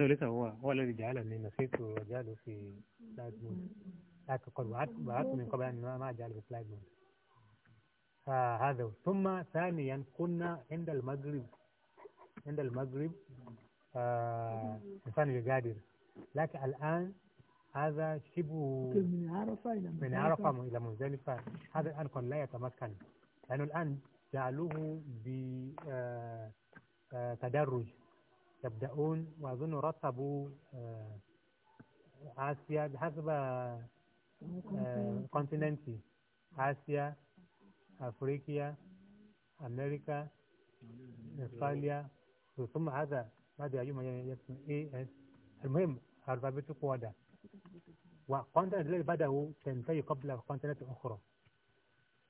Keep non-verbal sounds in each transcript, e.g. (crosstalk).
ذلك طيب، هو هو الذي جعلني نسيت وجعله في سلايد مود لكن قد وعدت من قبل أن ما جعله في سلايد مود فهذا ثم ثانيا كنا عند المغرب عند المغرب إنسان آه لكن الآن هذا شبه من عرفة إلى من عرفة إلى مزدلفة هذا الآن قد لا يتمكن لأنه الآن جعلوه ب آه، آه، تدرج يبدأون وأظن رتبوا آه، آسيا بحسب آه، كونتيننتي آه، آسيا أفريقيا أمريكا أستراليا ثم هذا ماذا يوم يسمى AS المهم alphabetic قوادة والكونتيننت الذي بدأه تنتهي قبل كونتيننت أخرى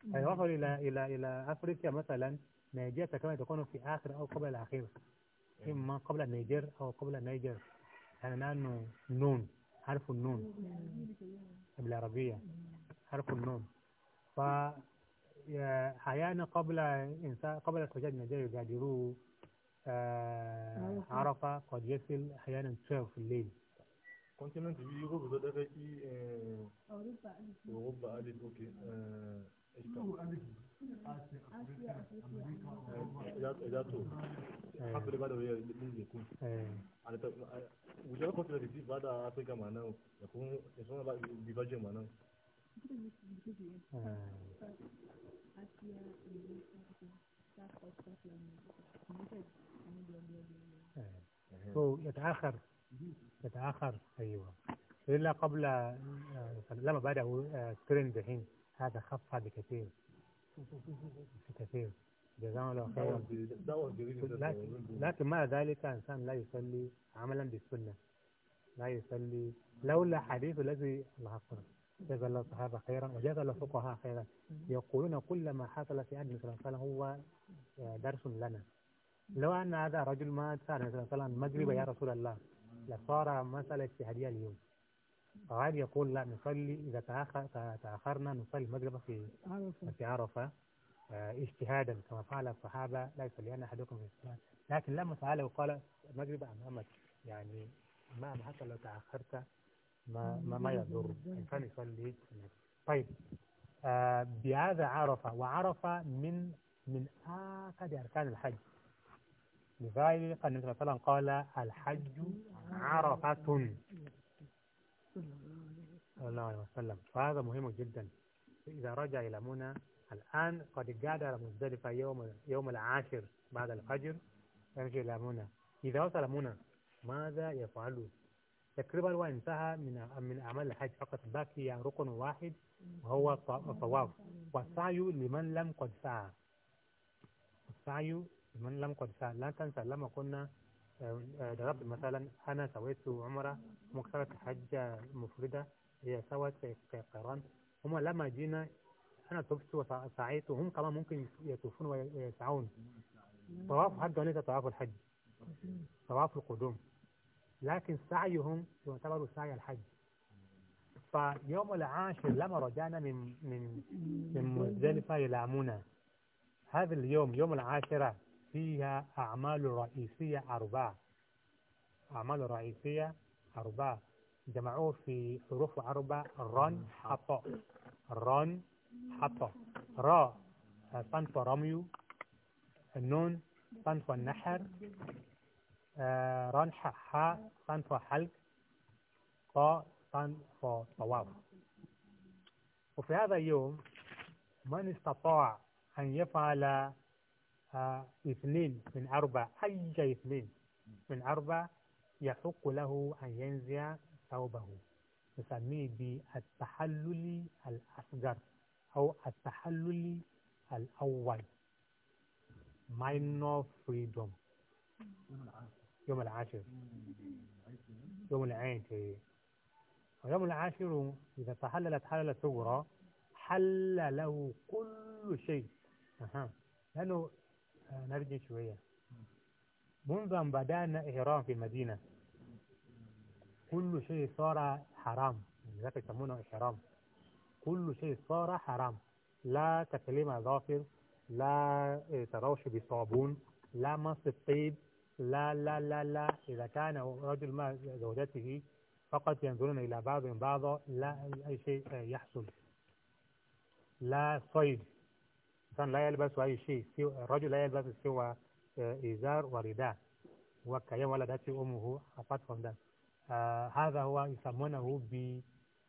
وصل إلى إلى إلى أفريقيا مثلا نيجيريا كما تكون في آخر أو قبل الأخير إما قبل النيجر أو قبل النيجر أنا نانو نون حرف النون بالعربية حرف النون ف قبل إنسان قبل الحجاج النيجر يقدروا آه أيوة. عرفة قد يصل أحيانا 12 في الليل continent bi yugo bi da dafay ci Europe إدارته الحمد لله بدأوا يكون على وجهة كنت بدي بعد أفريقيا معنا يكون يسون بقى بيباجي معنا هو يتأخر يتأخر أيوه إلا قبل آه، لما بدأوا آه، ترند الحين هذا خف هذا كثير كثير جزاهم الله خيرا لكن, لكن مع ذلك إنسان لا يصلي عملا بالسنة لا يصلي لولا حديث الذي الله أكبر جزا الله الصحابة خيرا وجزا الله الفقهاء خيرا يقولون كل ما حصل في عهد النبي صلى هو درس لنا لو أن هذا رجل ما كان مثلا مغرب يا رسول الله لصار مسألة اجتهادية اليوم غير يقول لا نصلي إذا تأخر تأخرنا نصلي المغرب في في عرفة آه، اجتهادا كما فعل الصحابة لا أنا أحدكم في الصلاة لكن لما فعل وقال المغرب أمامك يعني ما حتى لو تأخرت ما ما, ما يضر الإنسان يصلي طيب آه بهذا عرفة وعرفة من من أعقد أركان الحج لذلك النبي صلى الله عليه وسلم قال الحج عرفة صلى الله عليه وسلم فهذا مهم جدا إذا رجع إلى منى الآن قد قعد على مزدلفة يوم يوم العاشر بعد الفجر يرجع إلى منى إذا وصل منى ماذا يفعل؟ تقريبا وانتهى من من أعمال الحج فقط باقي ركن واحد وهو الطواف والسعي لمن لم قد سعى السعي لمن لم قد سعى لا تنسى لما كنا آه، ضرب مثلا أنا سويت عمرة مكسرة حجة مفردة هي سوت قيران هم لما جينا أنا طفت وسعيت وهم كمان ممكن يطوفون ويسعون طواف الحج وليس طواف الحج طواف القدوم لكن سعيهم يعتبر سعي الحج فيوم العاشر لما رجعنا من من من مزدلفة إلى منى هذا اليوم يوم العاشرة فيها أعمال رئيسية أربعة أعمال رئيسية أربعة جمعوه في حروف أربعة رن حطا رن حطا را صنف رميو النون صنف النحر آه، رن حا صنف حلق قا صنف طواف وفي هذا اليوم من استطاع أن يفعل آه، اثنين من أربعة أي اثنين من أربعة يحق له أن ينزع ثوبه نسميه بالتحلل الأصغر أو التحلل الأول minor freedom يوم العاشر يوم العاشر ويوم العاشر إذا تحللت حللة الصغرى حل له كل شيء أه. لأنه آه، نرجع شوية منذ أن بدأنا إحرام في المدينة كل شيء صار حرام لذلك يعني يسمونه إحرام كل شيء صار حرام لا تكليم أظافر لا آه، تروش بصابون لا مص الطيب لا لا لا لا إذا كان رجل مع زوجته فقط ينظرون إلى بعضهم بعضا لا أي شيء يحصل لا صيد الإنسان لا يلبس أي شيء سوى الرجل لا يلبس سوى آه، إزار ورداء وكي ولدت أمه apart from that آه، هذا هو يسمونه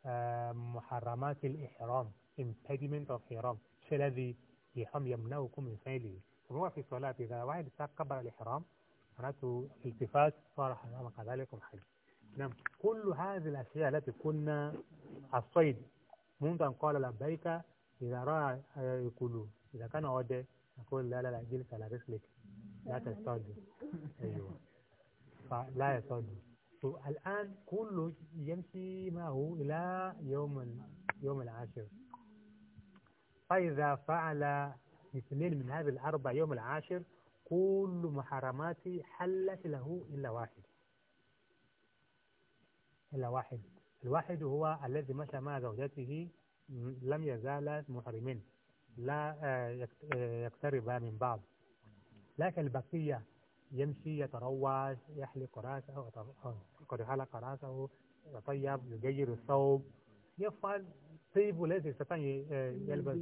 بمحرمات آه، الإحرام impediment of إحرام الشيء الذي الإحرام يمنعكم من فعله هو في الصلاة إذا واحد استقبل الإحرام معناته التفات صار حرام كذلك محل نعم كل هذه الأشياء التي كنا الصيد منذ أن قال لبيك إذا رأى يقولون إذا كان عودة أقول لا لا لا اجلس على رجلك لا تصطادي أيوه فلا يصطادي الآن كله يمشي معه إلى يوم يوم العاشر فإذا فعل اثنين من هذه الأربع يوم العاشر كل محرمات حلت له إلا واحد إلا واحد الواحد هو الذي مشى مع زوجته لم يزال محرمين لا آه، آه، يقترب من بعض لكن البقية يمشي يتروج يحلق راسه قد حلق راسه يطيب يغير الثوب يفعل طيب وليس يستطيع آه، يلبس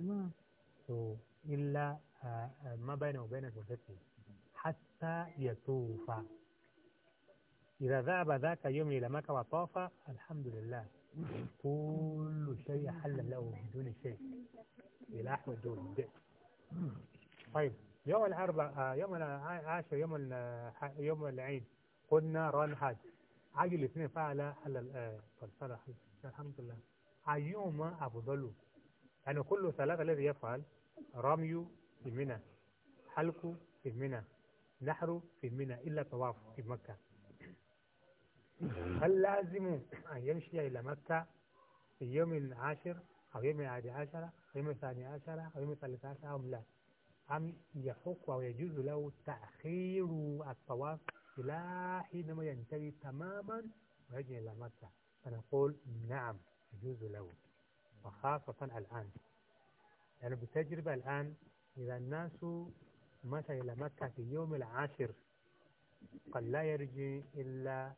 إلا ما بينه وبين جثته حتى يطوف إذا ذهب ذاك يوم إلى مكة وطاف الحمد لله كل شيء حل له بدون شيء إلى دون دون طيب يوم الأربعاء آه، يوم العاشر آه، يوم آه، يوم العيد قلنا ران حاج عاجل الاثنين فعل حل فالصلاة الحمد لله أيهما أفضل يعني كل ثلاثة الذي يفعل رمي في منى حلق في منى نحر في منى إلا طواف في مكة هل لازم أن يمشي إلى مكة في يوم العاشر أو يوم الحادي عشر أو يوم الثاني عشر أو يوم الثالث عشر أم لا أم يحق أو يجوز له تأخير الطواف إلى حينما ينتهي تماما ويجي إلى مكة فنقول نعم يجوز له وخاصة الآن يعني بالتجربة الآن إذا الناس مشى إلى مكة في يوم العاشر قد لا يرجع إلا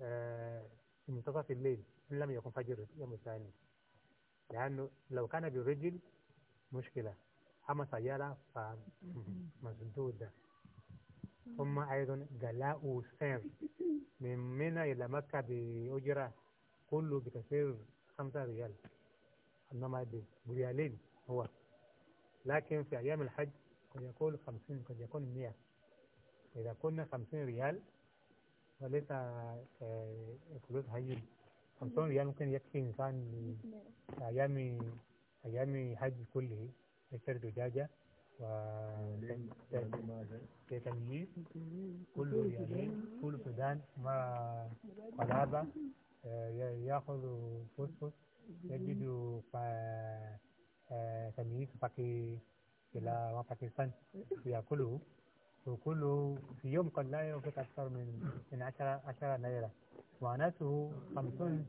آه، في منتصف الليل إن لم يكن فجر يوم الثاني لأنه لو كان بالرجل مشكلة أما سيارة فمسدود ثم أيضا جلاء سير من منى إلى مكة بأجرة كله بكثير خمسة ريال إنما بريالين هو لكن في أيام الحج قد يكون خمسين قد يكون مئة إذا كنا خمسين ريال وليس فلوس هاي خمسون ريال ممكن يكفي إنسان أيام أيام حج كله يشتري دجاجة و تمييز كله يعني كل سودان ما قلابة آه، ياخذ فسفس يجد آه، تمييز باكي إلى باكستان يأكله وكله في يوم قد لا ينفق أكثر من من عشرة عشرة ليرة معناته خمسون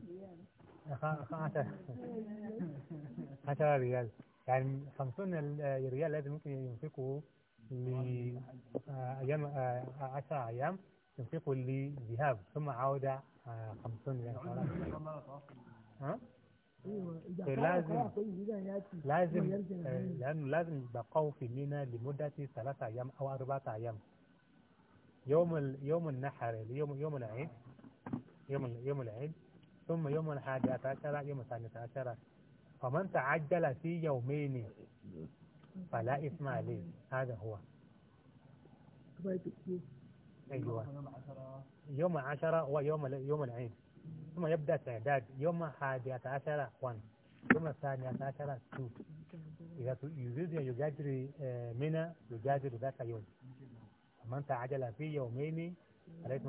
عشر (laughs) عشرة ريال يعني خمسون ريال لازم ممكن ينفقه لأيام آه، عشرة أيام ينفقه لذهاب ثم عودة آه، خمسون ريال ها؟ فلازم أيوة، لازم لأنه لازم آه، يبقوا في منى لمدة ثلاثة أيام أو أربعة أيام يوم يوم النحر يوم يوم العيد يوم يوم العيد ثم يوم الحادي عشر يوم الثاني عشر فمن تعجل في يومين فلا إثم عليه هذا هو طيب، أيوة يوم عشرة ويوم يوم العيد ثم يبدأ تعداد يوم الحادية عشرة 1 ثم الثاني عشرة 2 إذا يريد أن يجادر آه، منى يجادر ذاك يوم فمن تعجل في يومين فليس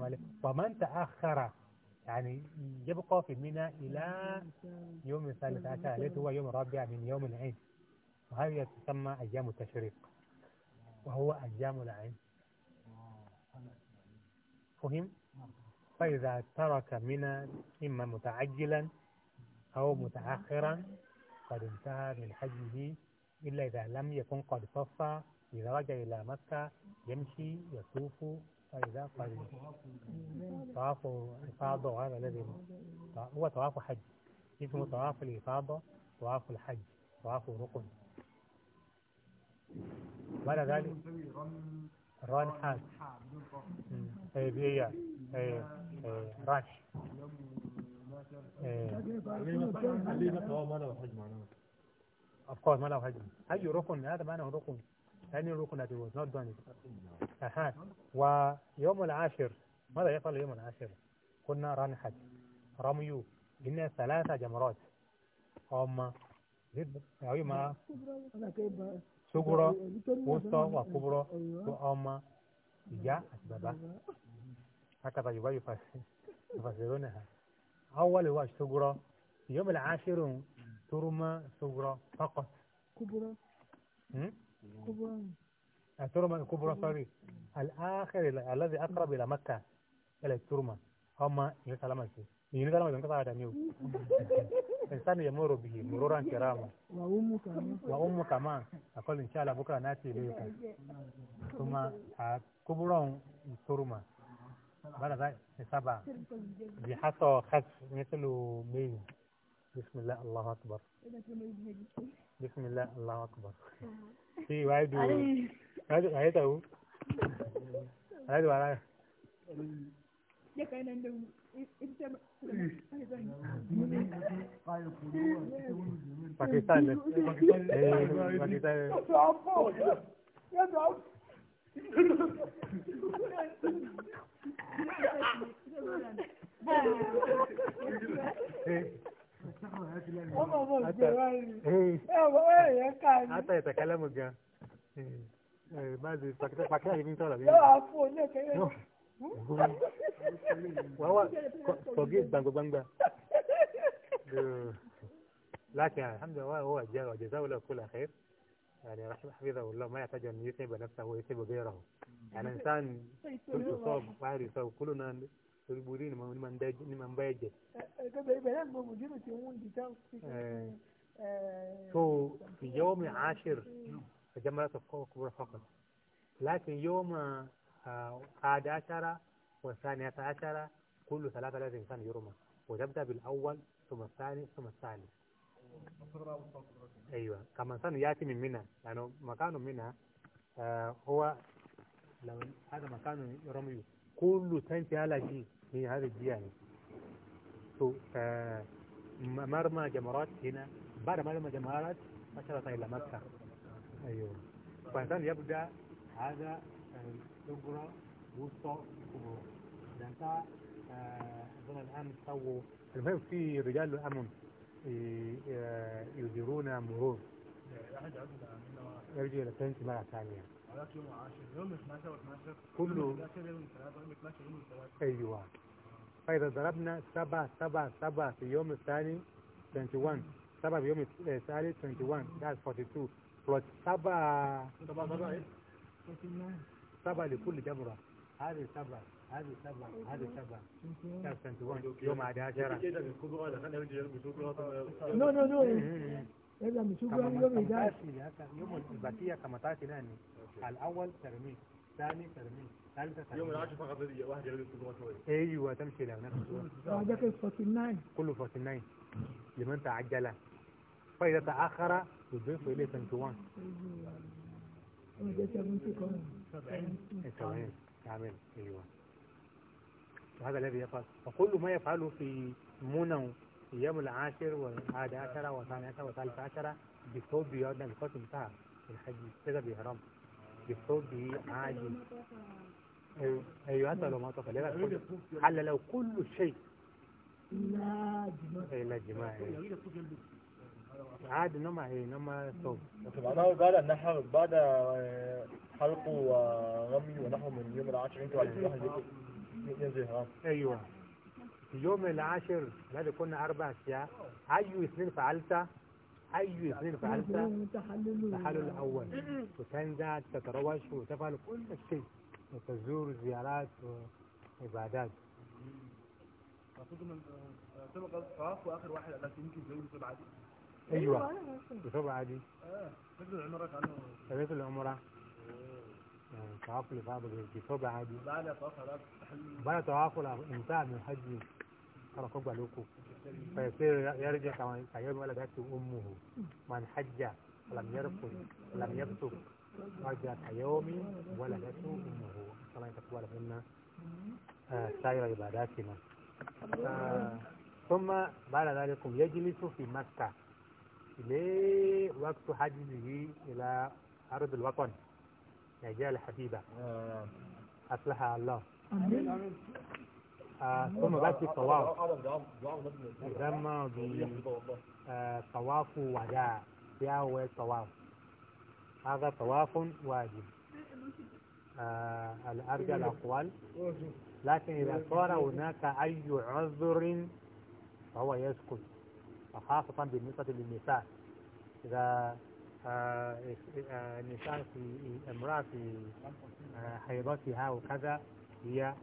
ومن تأخر يعني يبقى في منى إلى يوم الثالث عشر الذي هو يوم الرابع من يوم العيد وهذه تسمى أيام التشريق وهو أيام العيد فهم؟ فإذا ترك منى إما متعجلا أو متأخرا قد انتهى من حجه إلا إذا لم يكن قد صفى إذا رجع إلى مكة يمشي يطوف فإذا قد طواف الإفاضة وهذا الذي هو طواف حج اسمه طواف الإفاضة طواف الحج طواف ركن بعد ذلك ران حاج طيب إيه ايه ايه راجح ايه أفكار ما له حجم أي ركن هذا ما له ركن أي ركن that was not done أحد ويوم العاشر ماذا يفعل يوم العاشر قلنا رنحت رميوا قلنا ثلاثة جمرات هم زد أو ما صغرى وسطى وكبرى وأما جاء أسبابها هكذا يبقى يفسرونها أول وجه صغرى في يوم العاشر ترمى صغرى فقط كبرى كبرى الترمى آه، الكبرى سوري الآخر الذي أقرب إلى مكة إلى الترمى هما يسلمك ينزلون ينقطع دميو (laughs) إنسان يمر به مرورا كراما وأمه كمان أقول إن شاء الله بكرة نأتي إليك ثم آه، كبرى ترمى بلا بلى سبعة دي حصى خسف مثل بيه بسم الله الله أكبر بسم الله الله أكبر في واحد واحد واحد أهو واحد واحد يا كان (laughs) عنده باكستان (laughs) إيه، باكستان باكستان ọmọ ọmọ òjò wá rí ẹ ọmọ ẹ̀yẹ ká ní. ata ẹ̀tẹ̀ kálẹ́mù gan máa ṣe pàkẹ́tẹ́ pàkẹ́tẹ́ yìí ní tọ́lá lẹ́yìn. yóò fún un ní òkèèrè. wà wá kọ̀gé gbàngbàngbà láti alhamdulilayi wà wà jẹ́ ọ̀jẹ̀ sáwọ́lẹ̀ kó la xẹ́. يعني رحمه حفظه الله ما يحتاج أن يتعب نفسه ويتعب غيره يعني إنسان تصاب بعد يصاب كلنا تقولين من من داج من باجي أه، أه، تو آه. في يوم عاشر جمرة كبرى فقط لكن يوم أحد عشر والثانية عشر كل ثلاثة لازم إنسان يرمى وتبدأ بالأول ثم الثاني ثم الثالث أيوة كما إنسان يأتي من منا لأنه يعني مكان منى آه، هو لو هذا مكان رمي كل تنتهي على جي هي هذا الجي يعني آه مرمى جمرات هنا بعد مرمى جمرات مثلا إلى مكة أيوة فإنسان يبدأ هذا آه، الأجرة وسط كبر لأن كبرى ده آه، الأمن سووا المهم في رجال الأمن يظهرون مرور يرجع إلى التنس مرة ثانية كله أيوة فإذا ضربنا سبعة سبعة سبعة في اليوم الثاني 21 سبعة في اليوم الثالث 21 that's 42 plus سبعة سبعة لكل جبرة هذه سبعة هذه سبعة هذه سبعة كاس تنتوان يوم عاد هاجرة يعني نو نو نو إذا إيه، إيه، مشوف إيه. يوم إدارة يوم الباتية كما تعرف الآن الأول ترميم ثاني ترميم ثالثة ترميم يوم العاشر فقط هذه واحد يعمل الكبرى شوية أيوة تمشي لها نفس هذاك الفاتنين كله فاتنين لمن تعجل فإذا تأخر يضيف إليه تنتوان تمام تمام ايوه, أيوة. أيوة. أيوة. وهذا الذي يفعل فكل ما يفعله في منى في يوم العاشر والحادي عشر والثاني عشر والثالث عشر بالصوت بيودنا بالقسم بتاع الحج كده بيهرم بالصوت عاجل ايوه هذا لو ما تفعل حل لو كل شيء لا جماعة جماعة عاد نما هي إيه، نما صوب معناه قال ان بعد حلقه ورمي ونحو من يوم العاشر انتوا عايزين أيوة في يوم العاشر هذا كنا أربع اشياء أي اثنين فعلتها أي اثنين فعلتها التحلل الأول وتنزع تتروش وتفعل كل شيء وتزور زيارات وعبادات المفروض من سبق الطواف واخر واحد قال يمكن تزوج سبعه ايوه سبعه أيوة. عادي اه مثل العمره كانوا مثل العمره يعني تعاقل بعض الجسوب عادي بعد تعاقل بعد انتهى من الحج ترى فوق عليكم فيصير يرجع كما كيوم ولدته امه من حج لم يرفض لم يبصق رجع كيوم ولدته امه ان شاء الله يتقبل منا آه، سائر عباداتنا آه، ثم بعد ذلك يجلس في مكه ليه وقت حجه الى ارض الوطن نجال حبيبة أصلحها الله ثم بعد الطواف ثم طواف وداع يا هو الطواف هذا طواف واجب آه الأرجى الأقوال لكن إذا صار هناك أي عذر فهو يسكت وخاصة بالنسبة للنساء إذا آه، آه، آه، نساء في امرأة في حيضتها وكذا هي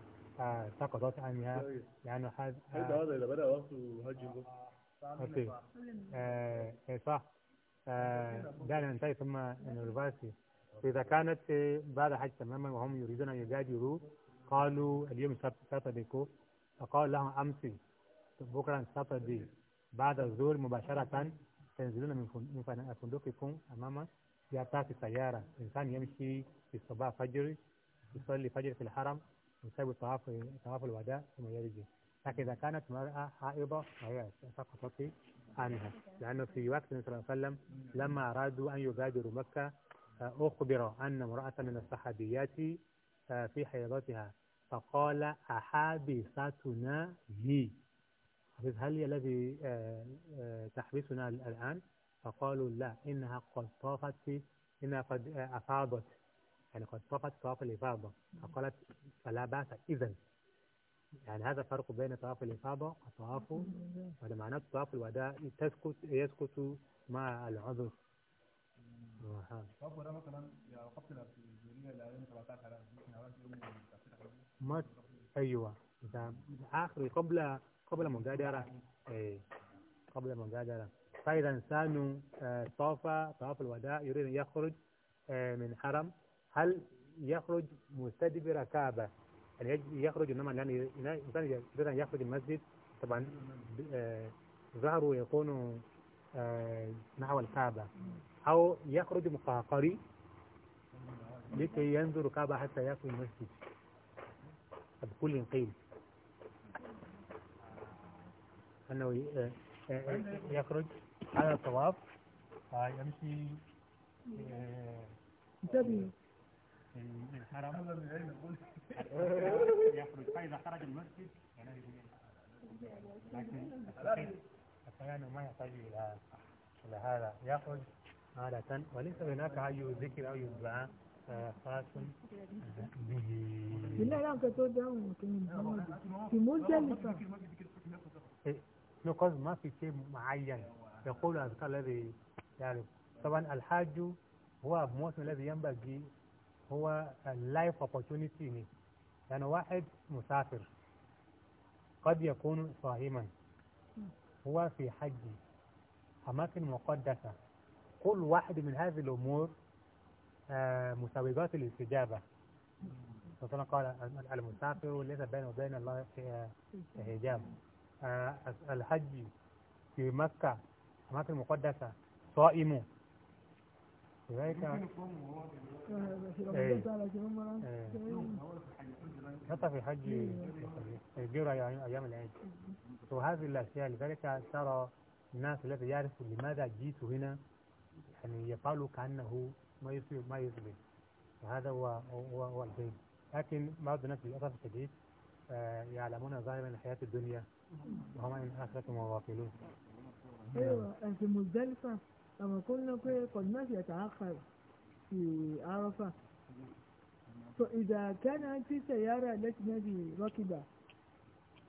سقطت عنها يعني هذا هذا إذا بدأ وقت هجم أوكي إيه، صح دعنا ننتهي ثم نرفاسي فإذا كانت بعد حج تماما وهم يريدون أن يجادلوا قالوا اليوم بيكو فقال لهم أمسي بكرة ساتردي بعد الظهر مباشرة تنزلون من فندقكم أمام يأتاك سيارة إنسان يمشي في الصباح فجر يصلي فجر في الحرم يسوي طواف طواف الوداع ثم يرجع لكن إذا كانت مرأة حائضة فهي سقطت عنها لأنه في وقت النبي صلى الله عليه وسلم لما أرادوا أن يغادروا مكة أخبر أن امرأة من الصحابيات آه، في حيضتها فقال أحابستنا هي حبيب هل الذي آه، آه، تحبسنا الآن فقالوا لا إنها قد طافت في إنها قد آه، أفاضت يعني قد طافت طواف الإفاضة فقالت فلا بأس إذا يعني هذا فرق بين طواف الإفاضة وطواف هذا معناه طواف الوداع تسكت يسكت مع العذر ما ايوه اذا اخر قبل قبل مجادرة إيه قبل مجادرة فإذا إنسان إيه، طاف طاف الوداع يريد أن يخرج إيه، من حرم هل يخرج مستدبر كعبة يعني يخرج إنما يعني يريد أن يخرج المسجد طبعا إيه، ظهره يكون نحو الكعبة أو يخرج مقهقري لكي ينظر كعبة حتى يأكل المسجد بكل قيل أنه آه، آه، يخرج على الطواف آه، يمشي انتبه الحرم (laughs) يخرج فإذا خرج المسجد يعني لكن الصيام ما يحتاج إلى إلى هذا يخرج عادة وليس هناك أي ذكر أو يدعى خاص به بالله لا تقول في مجلسة نقص ما في شيء معين يقول الأذكار الذي يعرف طبعا الحاج هو الموسم الذي ينبغي هو اللايف اوبورتونيتي يعني واحد مسافر قد يكون صائما هو في حج أماكن مقدسة كل واحد من هذه الأمور آه، مسوغات الاستجابة مثلا قال المسافر ليس بينه وبين الله آه، حجاب الحج في مكة أماكن المقدسة صائم لذلك إيه. إيه. إيه. حتى في حج يعني أيام العيد وهذه الأشياء لذلك ترى الناس الذي يعرف لماذا جئت هنا يعني يفعل كأنه ما يصير ما يصير وهذا هو هو, هو لكن بعض الناس للأسف الشديد آه، يعلمون ظاهرا الحياة الدنيا وما ينحسكم وواكلون ايوه أنت مزدلفة لما كنا قد ماشي يتأخر في عرفة فإذا كان في سيارة التي ركبة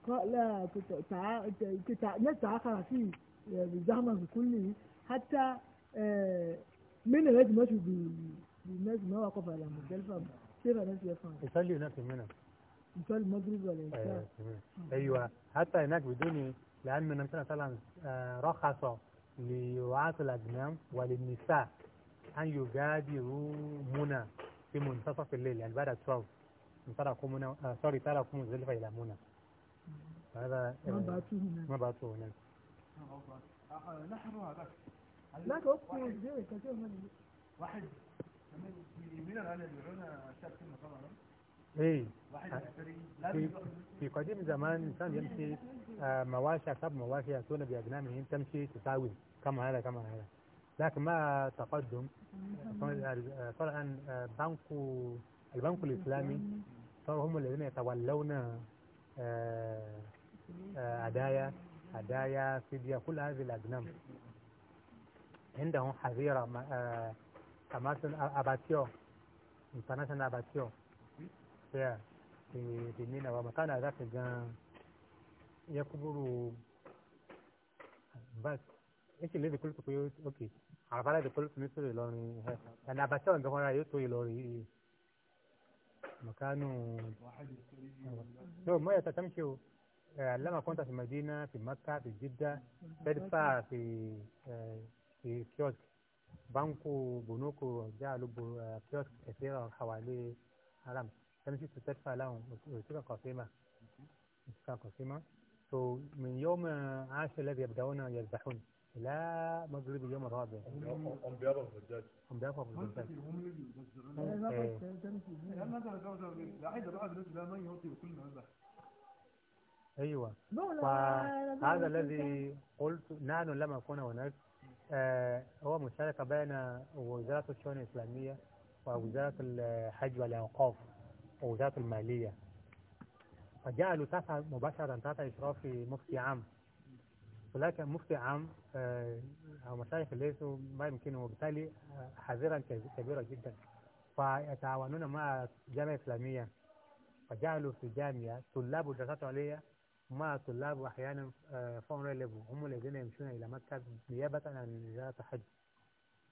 قال في فيه في يعني كله حتى آه، من لازم يمشوا بالناس ما وقف على مزدلفة كيف الناس يفهم يصلي هناك في بتوع المغرب والعشاء إيه؟ آه، آه. ايوه حتى هناك بدون لأن النبي صلى الله عليه وسلم آه، رخص لرعاة الأجنام وللنساء أن يجادروا منى في منتصف الليل يعني بعد 12 تركوا منى سوري تركوا مزدلفة إلى منى هذا ما بعثوا هناك ما بعثوا هناك نحن هذاك لا توقفوا كثير من واحد من الان يدعون شاب كلمة طبعا ايه آه. في, في قديم زمان كان يمشي آه، مواشي عقب مواشي ياتون باجنامهم تمشي تساوي كما هذا كما هذا لكن مع تقدم طبعا آه، بنك البنك الاسلامي صاروا هم الذين يتولون هدايا هدايا فدية كل هذه الأجنام عندهم حظيرة مثلا أباتيو انترناشونال أباتيو tsaya da nuna ba makana za ka ga ya kuburu bas yake lè dìkúlù pé ok àràbálà dìkúlù tó ní sórí ìlọrin ẹ̀nà àbàtà ọ̀gá wọn yóò tó ìlọrin yìí makanu no mo yata tamshi lama kunta fi madina fi makka fi jidda tadfa fi fi kiosk banku bunuku jalu kiosk kathira hawali haram كان جيت تدفع لهم وتبقى قسيمة تبقى سو من يوم عاش الذي يبدأون يذبحون لا مغرب اليوم الرابع هم بيابا في الدجاج هم بيابا في الدجاج ايوه هذا الذي قلت نحن لما كنا هناك هو مشاركه بين وزاره الشؤون الاسلاميه ووزاره الحج والاوقاف ووزارة المالية فجعلوا تحت مباشرة تحت إشراف مفتي عام ولكن مفتي عام آه، أو مشايخ ليسوا ما يمكنه وبالتالي آه، حذرا كبيرا جدا فيتعاونون مع جامعة إسلامية فجعلوا في الجامعة طلاب ودراسات عليا مع طلاب وأحيانا آه، فون ريليفو هم الذين يمشون إلى مكة نيابة عن وزارة الحج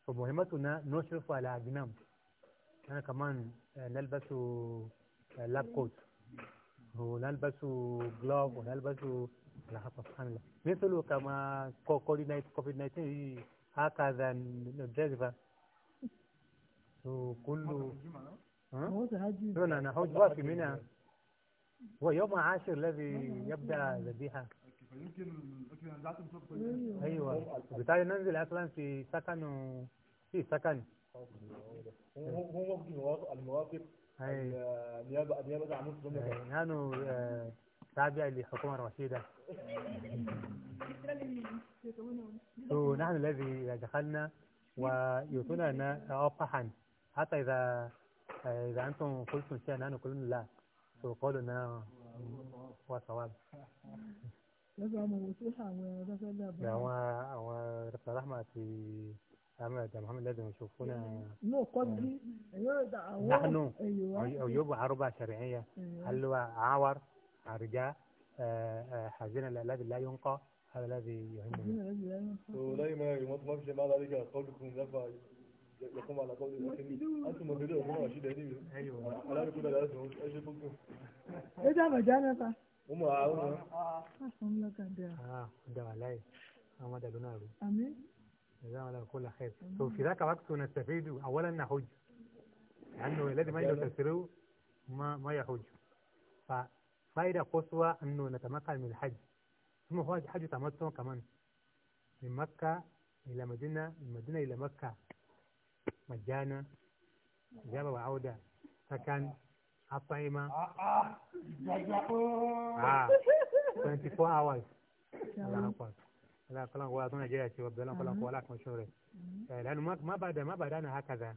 فمهمتنا نشرف على أجنام أنا كمان نلبس لاب كوت ونلبس جلوف ونلبس لا سبحان الله مثل كما كوفيد 19 إيه، هكذا نجذب كل هنا أنا حوج وافي منها هو يوم عاشر الذي يبدأ ذبيحة يمكن أيوة, أيوه. بالتالي ننزل أصلا في سكن في سكن هو هو موافق الموافق النيابه النيابه عن مسلم نحن آه، تابع للحكومه الرشيده (laughs) نحن الذي إذا دخلنا ويعطونا لنا قحا حتى اذا آه، اذا انتم قلتم شيئا نحن كلنا لا فقالوا اننا هو صواب يزعم وسوحا ورسول الله ورسول رحمه في محمد محمد لازم يشوفونا يعني مو قصدي آه. نحن عيوب أيوة. عربة شرعية أيوة. هل هو عور عرجاء آه، آه، حزين الذي لا ينقى هذا الذي يهمنا ولا ما في معنى ذلك قولكم دفع يقوم على قول الأخير أنتم مبدوء هم رشيد هدي أيوه ألا نكون لازم أيش إيه ده مجانا هم عاونا آه اه اه اه آه اه اه اه اه اه اه جزاهم الله كل خير في ذاك الوقت نستفيد أولا نحج لأنه الذي ما يفسره ما ما يحج ففائدة قصوى أنه نتمكن من الحج ثم هو حج تمتع كمان من مكة إلى مدينة من مدينة إلى مكة مجانا إجابة وعودة سكن الطعيمة آه 24 آه. آه. hours (laughs) لا فلان هو أظن جاء شيء وبدلان فلان هو لك مشهور إيه، لأنه ما ما بدا ما بدأنا هكذا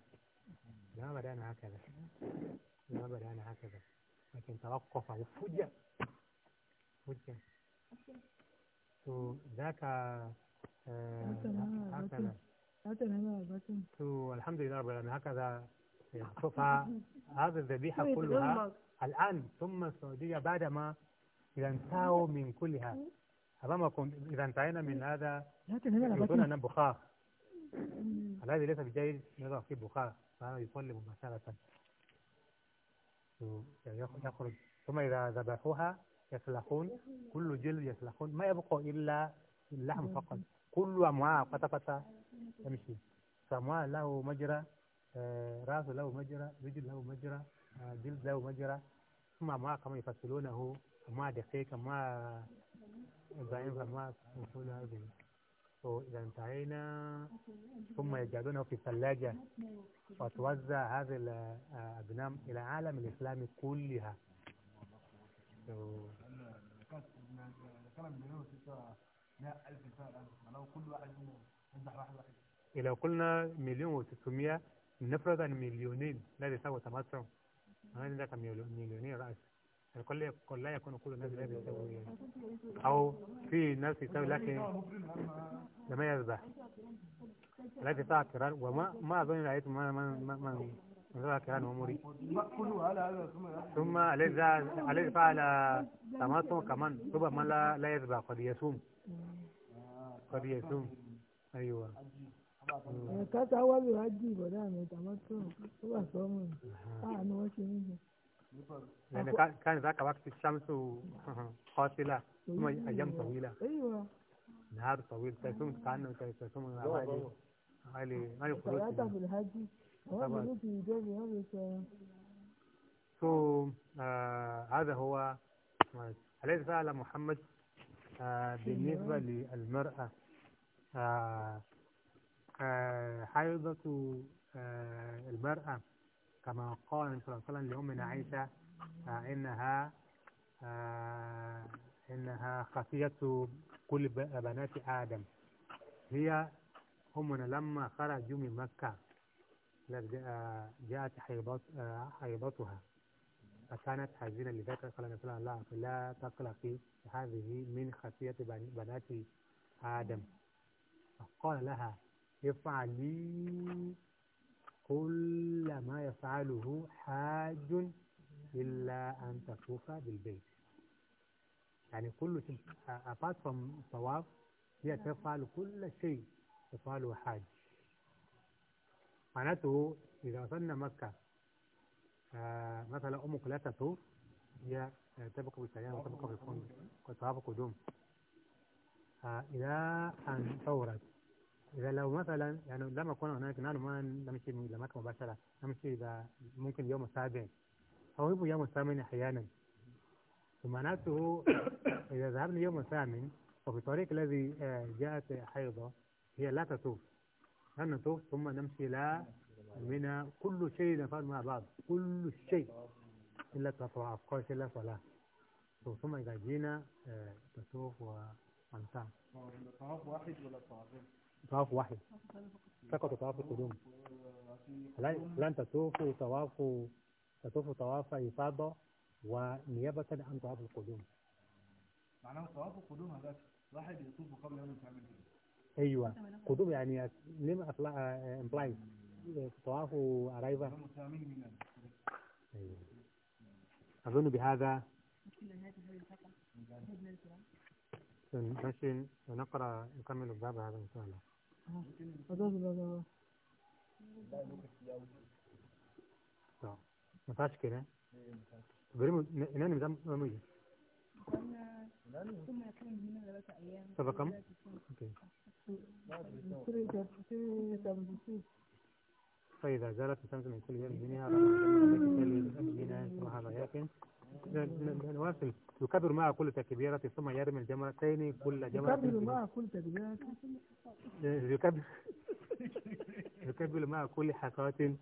ما بدأنا هكذا ما بدأنا هكذا لكن توقف وفجأة فجأة ذاك آه، هكذا الحمد لله رب العالمين هكذا (laughs) فهذه الذبيحة طيب، كلها الآن ثم السعودية بعدما ينتهوا من كلها كنت إذا انتهينا من هذا يكون أن بخار أمم. الذي ليس بجيد يضع فيه بخار فهذا يصلب مباشرة يخرج ثم إذا ذبحوها يسلخون كل جلد يسلخون ما يبقى إلا اللحم فقط كل أمعاء قطع قطع يمشي فأمعاء له مجرى آه، رأس له مجرى رجل له مجرى آه، جلد له مجرى ثم أمعاء كما يفصلونه أمعاء دقيقة أمعاء إبراهيم فما مفعول به إذا انتهينا ثم يجعلونه في الثلاجة وتوزع هذه الأجنام إلى عالم الإسلام كلها لو قلنا مليون وستمية نفرض أن مليونين لا يساوي تمثل هذا مليونين رأس قال لا يكون كل الناس لا يستوي أو في ناس يستوي لكن لما يذبح التي فيها كران وما ما أظن رأيت ما ما ما ما ذبح كران ومري ثم الذي فعل تماطم كمان ربما لا لا يذبح قد يصوم قد يصوم أيوه كاتا أول يهجي بدأ من تماطم ربما صوم آه نوشي لأن يعني كان ذاك وقت الشمس قاتلة ثم أيام طويلة أيوة نهار طويل تيسوم كان تيسوم حوالي أيوة، حوالي أيوة. ما يخرج هذا سو آه، هذا هو عليه آه، فعل محمد آه بالنسبة يعني؟ للمرأة آه آه حيضة آه، المرأة كما قال النبي صلى الله عليه وسلم لأمنا عائشة آه، إنها آه، إنها خفية كل بنات آدم هي أمنا لما خرجوا من مكة آه، جاءت حيضتها فكانت حزينة لذلك قال النبي صلى الله عليه وسلم لا تقلقي هذه من خفية بنات آدم فقال لها افعلي كل ما يفعله حاج إلا أن تطوف بالبيت يعني كل شيء apart from طواف هي تفعل كل شيء تفعله حاج معناته إذا وصلنا مكة آه مثلا أمك لا تطوف هي تبقى بالسيارة وتبقى بالفندق وتبقى قدوم آه إلى أن تورث إذا لو مثلا يعني لما كنا هناك نحن ما نمشي مكه مباشرة نمشي إذا ممكن يوم السابع أو يوم الثامن أحيانا فمعناته (coughs) إذا ذهبنا يوم الثامن وفي الطريق الذي آه، جاءت حيضة هي لا تطوف نحن نطوف ثم نمشي إلى منى كل شيء نفعل مع بعض كل شيء إلا كل شيء إلا صلاة ثم إذا جينا آه، تطوف وأنتم طواف واحد ولا طوافين؟ طواف واحد سقط طواف القدوم لن تطوف طواف تطوف طواف إفاضة ونيابة عن طواف القدوم معناه طواف القدوم هذاك واحد يطوف قبل أن يتعمل أيوة قدوم يعني لما أطلع آه، امبلاي طواف أرايفا أيوة أظن بهذا نشن ونقرأ نكمل الباب هذا إن شاء الله ما ينفعش كده بنام نظام نومي طب كم فإذا زالت الشمس من كل يوم دينها فما جمع بك سلي الأبينا صباح ضياف يكبر مع كل تكبيرة ثم يرمي الجمرتين كل جمرة يكبر مع كل تكبيرة إيه، يكبر يكبر مع كل حصاة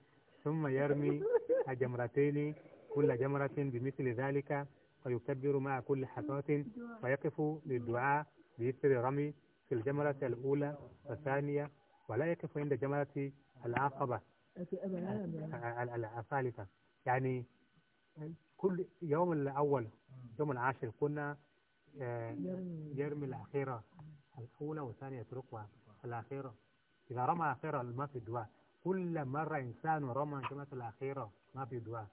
ثم يرمي الجمرتين كل جمرة بمثل ذلك ويكبر مع كل حصاة ويقف للدعاء بيسر رمي في الجمرة الأولى والثانية ولا يقف عند جمرة العقبة الثالثة يعني كل يوم الأول يوم العاشر كنا آه، يرمي الأخيرة الأولى والثانية يتركها الأخيرة إذا رمى الأخيرة ما في دواء كل مرة إنسان رمى جمرة الأخيرة ما في دواء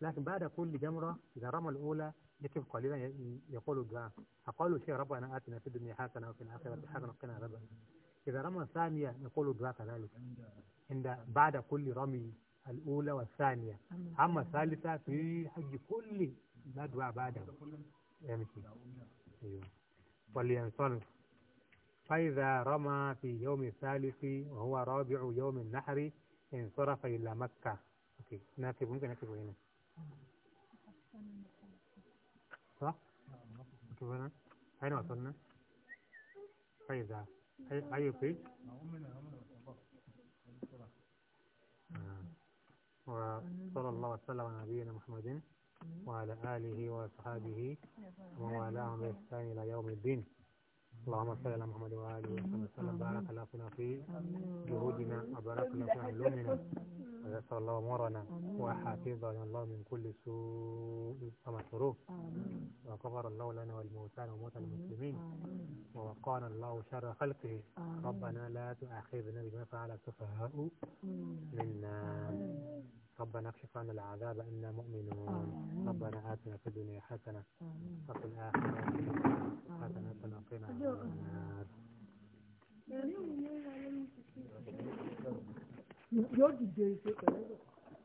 لكن بعد كل جمرة إذا رمى الأولى يكف قليلا يقول الدعاء أقول شيء ربنا آتنا في الدنيا حسنة وفي الآخرة حسنة وقنا عذاب إذا رمى الثانية يقول الدعاء كذلك عند بعد كل رمي الأولى والثانية أما الثالثة في حج كل لا دعاء بعده يمشي يعني أيوه ولينصرف فإذا رمى في يوم الثالث وهو رابع يوم النحر انصرف إلى مكة أوكي ناكب ممكن أكتب هنا صح؟ هنا أين وصلنا؟ فإذا أي أي أيوه، وصلى الله وسلم على نبينا محمد وعلى آله وصحابه ومن والاهم بإحسان إلى يوم الدين اللهم صل على محمد وآله وسلم بارك الله فينا في جهودنا وبارك الله في علومنا ويسر الله أمورنا وحافظنا الله من كل سوء ومكروه وغفر الله لنا والموتى وموتى المسلمين ووقانا الله شر خلقه ربنا لا تؤاخذنا بما فعل السفهاء منا ربنا اكشف عنا العذاب إنا مؤمنون ربنا آتنا في الدنيا حسنة وفي الآخرة حسنة وقنا عذاب النار Your